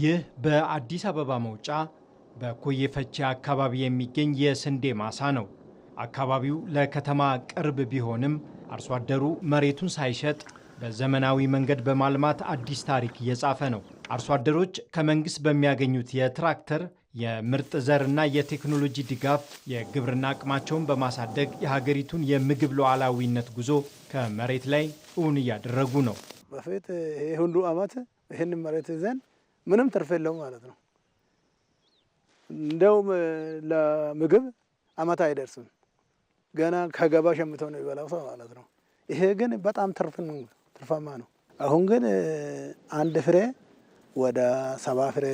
ይህ በአዲስ አበባ መውጫ በኮየፈቼ አካባቢ የሚገኝ የስንዴ ማሳ ነው። አካባቢው ለከተማ ቅርብ ቢሆንም አርሶ አደሩ መሬቱን ሳይሸጥ በዘመናዊ መንገድ በማልማት አዲስ ታሪክ እየጻፈ ነው። አርሶ አደሮች ከመንግስት በሚያገኙት የትራክተር የምርጥ ዘርና የቴክኖሎጂ ድጋፍ የግብርና አቅማቸውን በማሳደግ የሀገሪቱን የምግብ ሉዓላዊነት ጉዞ ከመሬት ላይ እውን እያደረጉ ነው። በፊት ይህ ሁሉ አመት ይህን መሬት ይዘን ምንም ትርፍ የለውም ማለት ነው። እንደውም ለምግብ አመት አይደርስም። ገና ከገባ ሸምተው ነው ይበላው ሰው ማለት ነው። ይሄ ግን በጣም ትርፍን ትርፋማ ነው። አሁን ግን አንድ ፍሬ ወደ ሰባ ፍሬ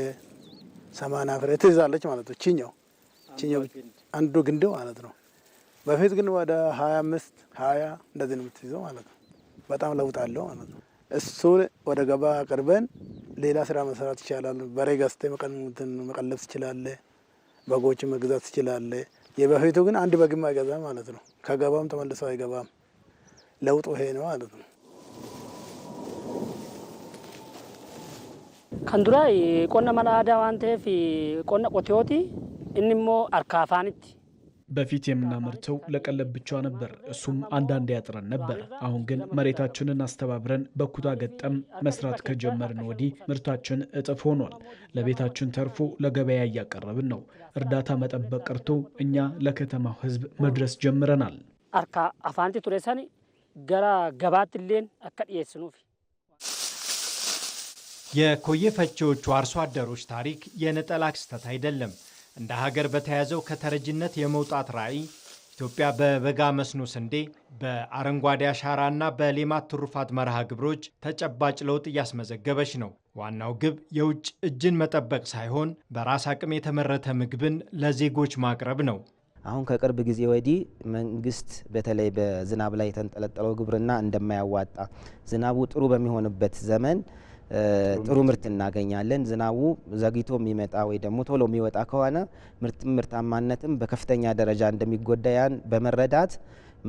ሰማና ፍሬ ትይዛለች ማለት ነው። ችኛው ችኛው አንዱ ግንድ ማለት ነው። በፊት ግን ወደ ሀያ አምስት ሀያ እንደዚህ ነው የምትይዘው ማለት ነው። በጣም ለውጥ አለው ማለት ነው። እሱ ወደ ገባ አቅርበን ሌላ ስራ መስራት ይቻላል። በሬ ገዝተህ መቀለብ ትችላለህ። በጎች መግዛት ትችላለህ። የበፊቱ ግን አንድ በግም አይገዛ ማለት ነው። ከገባም ተመልሰው አይገባም። ለውጡ ይሄ ነው ማለት ነው። ከንዱራ ቆነ መላ አዳ ዋን ቆነ ቆቴዎቲ እንሞ አርካፋኒት በፊት የምናመርተው ለቀለብ ብቻ ነበር። እሱም አንዳንድ ያጥረን ነበር። አሁን ግን መሬታችንን አስተባብረን በኩታ ገጠም መስራት ከጀመርን ወዲህ ምርታችን እጥፍ ሆኗል። ለቤታችን ተርፎ ለገበያ እያቀረብን ነው። እርዳታ መጠበቅ ቀርቶ እኛ ለከተማው ሕዝብ መድረስ ጀምረናል። አርካ አፋንቲ ቱሬሰኒ ገራ ገባትሌን አከጥየስኑፊ የኮዬ ፈቼዎቹ አርሶ አደሮች ታሪክ የነጠላ ክስተት አይደለም። እንደ ሀገር በተያዘው ከተረጅነት የመውጣት ራዕይ ኢትዮጵያ በበጋ መስኖ ስንዴ፣ በአረንጓዴ አሻራና በሌማት ትሩፋት መርሃ ግብሮች ተጨባጭ ለውጥ እያስመዘገበች ነው። ዋናው ግብ የውጭ እጅን መጠበቅ ሳይሆን በራስ አቅም የተመረተ ምግብን ለዜጎች ማቅረብ ነው። አሁን ከቅርብ ጊዜ ወዲህ መንግስት በተለይ በዝናብ ላይ የተንጠለጠለው ግብርና እንደማያዋጣ ዝናቡ ጥሩ በሚሆንበት ዘመን ጥሩ ምርት እናገኛለን። ዝናቡ ዘግይቶ የሚመጣ ወይ ደግሞ ቶሎ የሚወጣ ከሆነ ምርትም ምርታማነትም በከፍተኛ ደረጃ እንደሚጎዳ ያን በመረዳት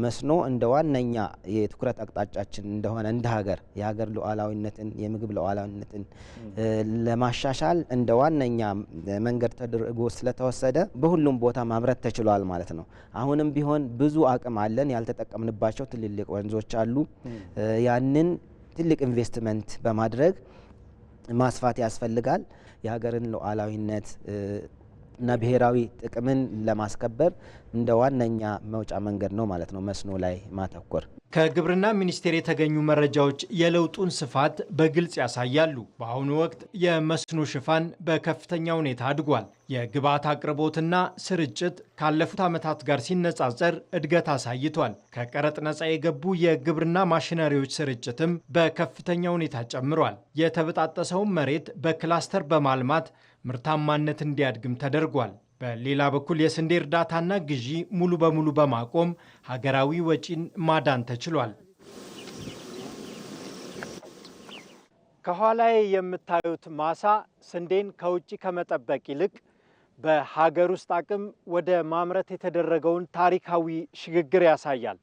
መስኖ እንደ ዋነኛ የትኩረት አቅጣጫችን እንደሆነ እንደ ሀገር የሀገር ሉዓላዊነትን የምግብ ሉዓላዊነትን ለማሻሻል እንደ ዋነኛ መንገድ ተደርጎ ስለተወሰደ በሁሉም ቦታ ማምረት ተችሏል ማለት ነው። አሁንም ቢሆን ብዙ አቅም አለን። ያልተጠቀምንባቸው ትልልቅ ወንዞች አሉ። ያንን ትልቅ ኢንቨስትመንት በማድረግ ማስፋት ያስፈልጋል። የሀገርን ሉዓላዊነት እና ብሔራዊ ጥቅምን ለማስከበር እንደ ዋነኛ መውጫ መንገድ ነው ማለት ነው መስኖ ላይ ማተኮር። ከግብርና ሚኒስቴር የተገኙ መረጃዎች የለውጡን ስፋት በግልጽ ያሳያሉ። በአሁኑ ወቅት የመስኖ ሽፋን በከፍተኛ ሁኔታ አድጓል። የግብዓት አቅርቦትና ስርጭት ካለፉት ዓመታት ጋር ሲነጻጸር እድገት አሳይቷል። ከቀረጥ ነጻ የገቡ የግብርና ማሽነሪዎች ስርጭትም በከፍተኛ ሁኔታ ጨምሯል። የተበጣጠሰውን መሬት በክላስተር በማልማት ምርታማነት እንዲያድግም ተደርጓል። በሌላ በኩል የስንዴ እርዳታና ግዢ ሙሉ በሙሉ በማቆም ሀገራዊ ወጪን ማዳን ተችሏል። ከኋላ የምታዩት ማሳ ስንዴን ከውጭ ከመጠበቅ ይልቅ በሀገር ውስጥ አቅም ወደ ማምረት የተደረገውን ታሪካዊ ሽግግር ያሳያል።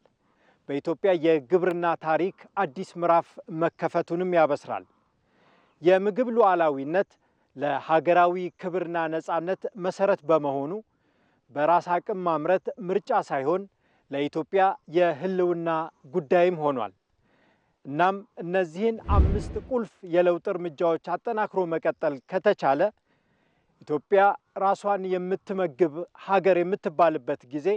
በኢትዮጵያ የግብርና ታሪክ አዲስ ምዕራፍ መከፈቱንም ያበስራል። የምግብ ሉዓላዊነት ለሀገራዊ ክብርና ነጻነት መሰረት በመሆኑ በራስ አቅም ማምረት ምርጫ ሳይሆን ለኢትዮጵያ የህልውና ጉዳይም ሆኗል። እናም እነዚህን አምስት ቁልፍ የለውጥ እርምጃዎች አጠናክሮ መቀጠል ከተቻለ ኢትዮጵያ ራሷን የምትመግብ ሀገር የምትባልበት ጊዜ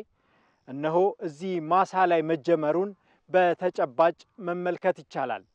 እነሆ እዚህ ማሳ ላይ መጀመሩን በተጨባጭ መመልከት ይቻላል።